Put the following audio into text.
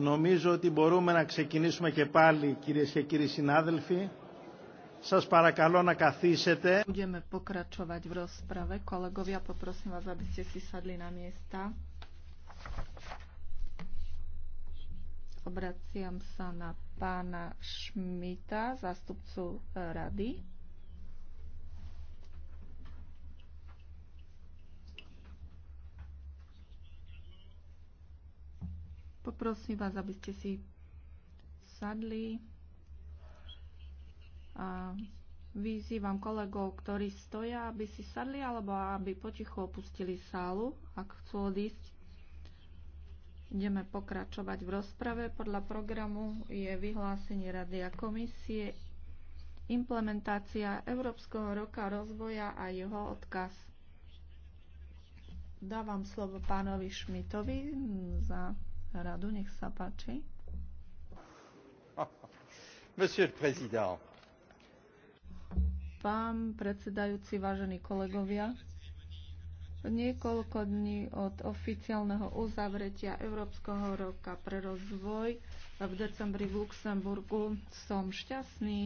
Νομίζω ότι μπορούμε να ξεκινήσουμε και πάλι, κυρίες και κύριοι συνάδελφοι. Σας παρακαλώ να καθίσετε. Budeme pokračovať v rozprave. Kolegovia, poprosím vás, aby ste si sadli na miesta. Obraciam sa na pána Šmita, zástupcu eh, rady. Poprosím vás, aby ste si sadli a vyzývam kolegov, ktorí stoja, aby si sadli alebo aby potichu opustili sálu, ak chcú odísť. Ideme pokračovať v rozprave. Podľa programu je vyhlásenie Rady a komisie implementácia Európskeho roka rozvoja a jeho odkaz. Dávam slovo pánovi Šmitovi za radu. Nech sa páči. Monsieur Président. Pán predsedajúci, vážení kolegovia, niekoľko dní od oficiálneho uzavretia Európskeho roka pre rozvoj v decembri v Luxemburgu som šťastný,